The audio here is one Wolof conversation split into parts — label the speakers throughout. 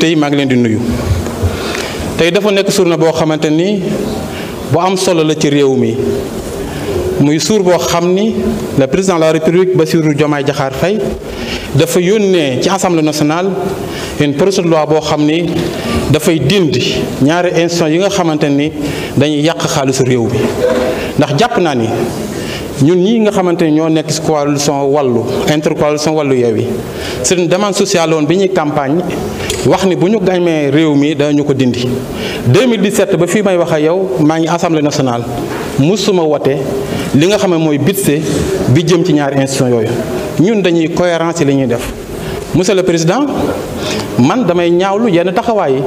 Speaker 1: député yi maa leen di nuyu tey dafa nekk suur na boo xamante ni bu am solo la ci réew mi muy suur boo xam ni le président de la république Bassirou Diomaye Diakhar Faye dafa yónnee ci assemblée nationale une proposition boo xam ni dafay dindi ñaari institution yi nga xamante ni dañuy yàq xaalisu réew mi ndax jàpp naa ni ñun ñi nga xamante ni ñoo nekk ci coalition wàllu intercoalition wàllu Yewwi c'est une demande sociale woon bi ñuy campagne wax ni bu ñu mee réew mi ñu ko dindi 2017 ba fii may wax a yow maa ngi assemblée nationale musuma wote li nga xam ne mooy budget bi jëm ci ñaari institution yooyu ñun dañuy cohérence ci li ñuy def monsieur le président man damay ñaawlu yenn taxawaay yi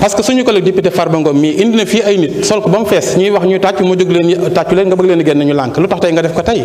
Speaker 1: parce que suñu collègue député Farba Ngom mii indi na fii ay nit sol ko ba mu fees ñuy wax ñuy tàcc mu jóg leen tàccu leen nga bëgg leen génn ñu lànk lu tax tey nga def ko tey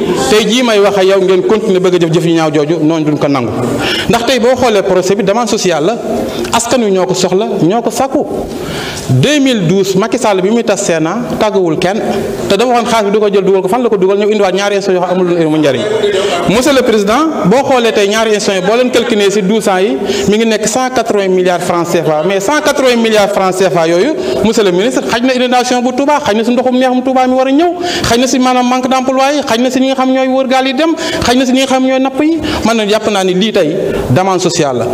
Speaker 1: tey jii may wax ak ngeen continuer bëgg a jëf ñaaw jooju noonu duñ ko nangu ndax tey boo xoolee projet bi demande sociale la askan wi ñoo ko soxla ñoo ko sàkku 2012 Macky bi muy tas Sénat tàgguwul kenn te dafa waxoon xaalis bi du ko jël dugal ko fan la ko dugal ñëw indiwaat ñaari institution yoo xam amul mu njariñ monsieur ngi nekk 180 milliards francs mais 180 milliards francs yooyu monsieur ministre xaj na inondation bu Touba xaj na si ndoxum neexum Touba mi ñooy wër gaal yi dem xëy na si ñi xam ñooy napp yi man na jàpp naa ni lii tey demande sociale la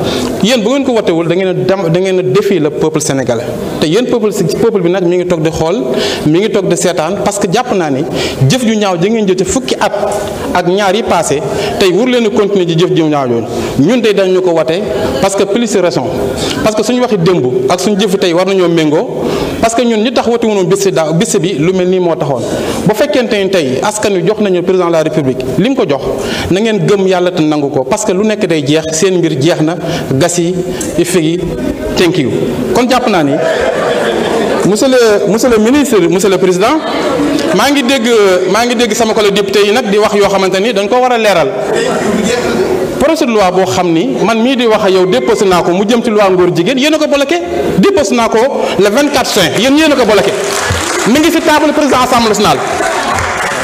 Speaker 1: yéen bu ngeen ko watewul da ngeen a dem da ngeen a défi le peuple sénégalais te yéen peuple peuple bi nag mi ngi toog di xool mi ngi toog di seetaan parce que jàpp naa ni jëf ju ñaaw ji ngeen jëf ci fukki at ak ñaar yi passé tey wur leen continuer di jëf ju ñaaw jooju ñun tey dañ ñu ko wate parce que plus raison parce que suñu waxi démb ak suñu jëf tey war nañoo méngoo parce que ñun ñu tax wati woon bis daaw bis bi lu mel nii moo taxoon bu fekkente ni tey askan wi jox nañu président la république li mu ko jox nangeen ngeen gëm yàlla te nangu ko parce que lu nekk day jeex seen mbir jeex na gas yi ifegi thank you kon jàpp naa ni monsieur le monsieur le ministre monsieur le président maa ngi dégg maa ngi dégg sama collègue député yi nag di wax yoo xamante ni dañ ko war a leeral projet de boo xam ni man mii di wax ak yow déposé naa ko mu jëm ci loi ngóor jigéen yéen a ko bloqué déposé naa ko le 24 juin yéen yéen a ko ngi ci table président assemblée nationale.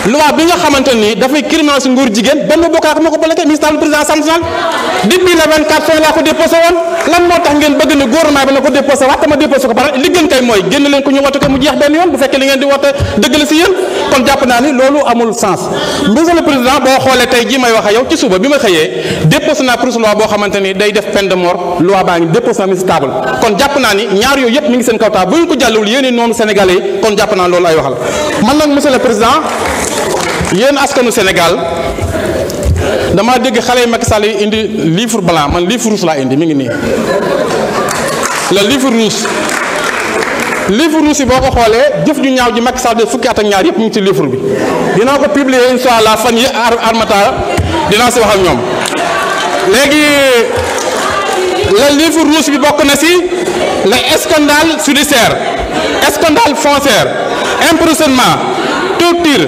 Speaker 1: loi bi nga xamante ni dafay criminaliser nguur jigéen benn bokkaar moo ko bloqué ministre du président Assemblée nationale depuis le 24 fin laa ko déposé woon lan moo tax ngeen bëgg ne gouvernement bi ko déposé waat dama déposé ko pare li gën kay mooy génn leen ko ñu wote ko mu jeex benn yoon bu fekkee li ngeen di wote dëgg la si yéen kon jàpp naa ni loolu amul sens monsieur président boo xoolee tey jii may wax ak yow ci suba bi ma xëyee déposé naa ni day def peine de mort loi baa naa mi ñaar yooyu yëpp mi ngi seen kaw taa bu yéen askanu Sénégal un dégg xale yi indi livre blanc man livre rouge laa indi mi ngi le livre rouge livre rouge yi boo ko xoolee ñaaw ji de fukki at ak ñaar yëpp ñu ngi ci livre bi dinaa ko publier incha allah fan yi armata dinaa si wax ñoom léegi le livre rouge bi bokk na si le scandale judiciaire scandale foncier emprisonnement torture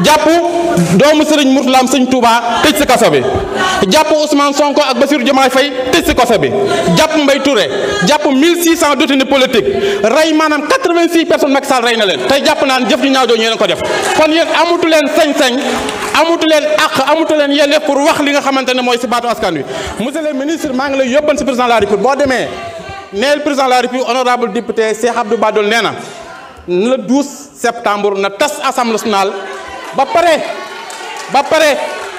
Speaker 1: jàpp doomu Serigne Mourtalaam sëñ Touba tëj si kaso bi jàpp Ousmane Sonko ak Bassirou Diomaye Faye tëj si kaso bi jàpp Mbaye Touré jàpp 1600 détenus politiques rey maanaam 86 personnes Macky Sall rey na leen tey jàpp naan jëf ju ñaaw jooju yéen ko def kon yéen amatu leen sañ-sañ amatu leen àq amatu leen yelleef pour wax li nga xamante ne mooy si baatu askan wi monsieur le ministre maa ngi lay yóbban si président de la République boo demee neel président la République honorable député Cheikh Abdou Badol nee na le 12 septembre na tas assemblée nationale ba pare ba pare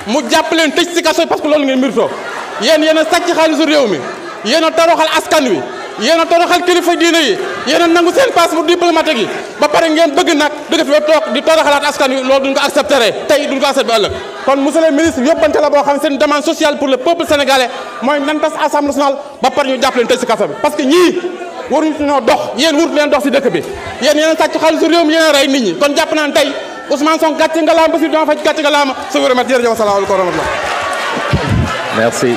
Speaker 1: mu jàpp leen tëj si kaso parce que loolu ngeen mbir too yéen yéen a sàcc xaalisu réew mi yéen a toroxal askan a toroxal kilifa diine yi yéen a nangu seen passeport diplomatique yi ba pare ngeen bëgg nag dëgg fi ba toog di toroxalaat askan wi loolu duñ ko accepté tey duñ ko accepté ëllëg kon monsieur le ministre yóbbante la boo xam seen demande sociale pour le peuple sénégalais mooy nan tas assemblée nationale ba pare ñu jàpp leen tëj si kaso bi parce que ñii waruñu yéen warut leen dox dëkk bi yéen yéen a sàcc xaalisu réew mi yéen a rey nit ñi kon jàpp naan tey Ousmane Sonko vous merci